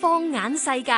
放眼世界，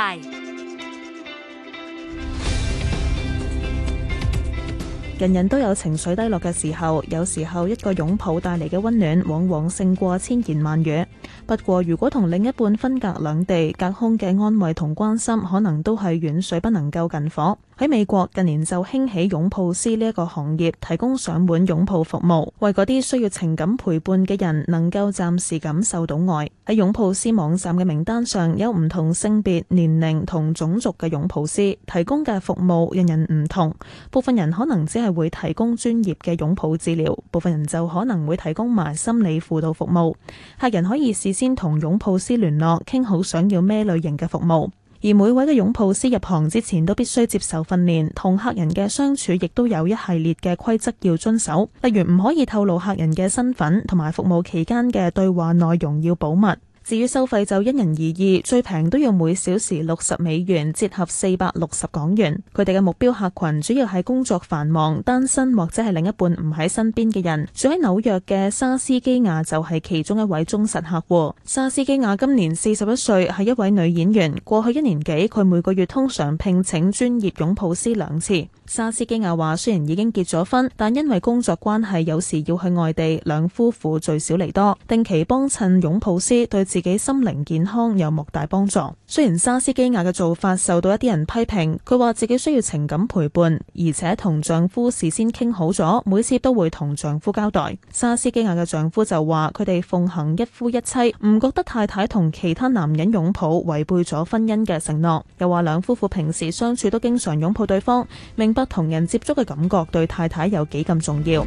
人人都有情緒低落嘅時候。有時候一個擁抱帶嚟嘅溫暖，往往勝過千言萬語。不過，如果同另一半分隔兩地，隔空嘅安慰同關心，可能都係遠水不能救近火。喺美國近年就興起擁抱師呢一個行業，提供上門擁抱服務，為嗰啲需要情感陪伴嘅人能夠暫時感受到愛。喺擁抱師網站嘅名單上有唔同性別、年齡同種族嘅擁抱師，提供嘅服務人人唔同。部分人可能只係會提供專業嘅擁抱治療，部分人就可能會提供埋心理輔導服務。客人可以事先同擁抱師聯絡，傾好想要咩類型嘅服務。而每位嘅擁抱師入行之前都必須接受訓練，同客人嘅相處亦都有一系列嘅規則要遵守，例如唔可以透露客人嘅身份，同埋服務期間嘅對話內容要保密。至於收費就因人而異，最平都要每小時六十美元，折合四百六十港元。佢哋嘅目標客群主要係工作繁忙、單身或者係另一半唔喺身邊嘅人。住喺紐約嘅莎斯基亞就係其中一位忠實客戶。莎斯基亞今年四十一歲，係一位女演員。過去一年幾，佢每個月通常聘請專業擁抱師兩次。莎斯基亞話：雖然已經結咗婚，但因為工作關係，有時要去外地，兩夫婦聚少離多，定期幫襯擁抱師對自己心靈健康有莫大幫助。雖然莎斯基亞嘅做法受到一啲人批評，佢話自己需要情感陪伴，而且同丈夫事先傾好咗，每次都會同丈夫交代。莎斯基亞嘅丈夫就話，佢哋奉行一夫一妻，唔覺得太太同其他男人擁抱違背咗婚姻嘅承諾。又話兩夫婦平時相處都經常擁抱對方，明白同人接觸嘅感覺對太太有幾咁重要。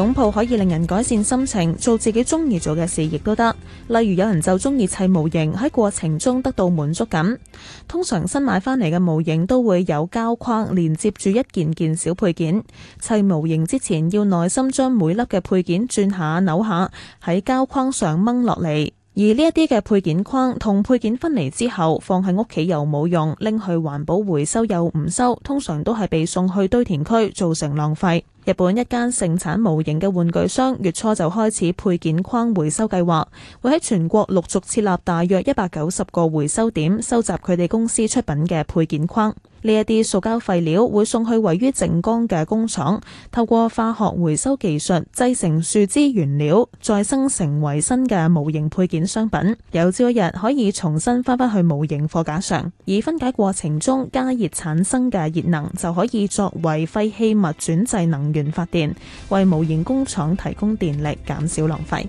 擁抱可以令人改善心情，做自己中意做嘅事亦都得。例如有人就中意砌模型，喺過程中得到滿足感。通常新買翻嚟嘅模型都會有膠框連接住一件件小配件。砌模型之前要耐心將每粒嘅配件轉下扭下，喺膠框上掹落嚟。而呢一啲嘅配件框同配件分離之後，放喺屋企又冇用，拎去環保回收又唔收，通常都係被送去堆填區，造成浪費。日本一間盛產模型嘅玩具商，月初就開始配件框回收計劃，會喺全國陸續設立大約一百九十個回收點，收集佢哋公司出品嘅配件框。呢一啲塑膠廢料會送去位於靜岡嘅工廠，透過化學回收技術製成樹脂原料，再生成為新嘅模型配件商品，有朝一日可以重新翻返去模型貨架上。而分解過程中加熱產生嘅熱能就可以作為廢棄物轉製能源發電為模型工廠提供電力，減少浪費。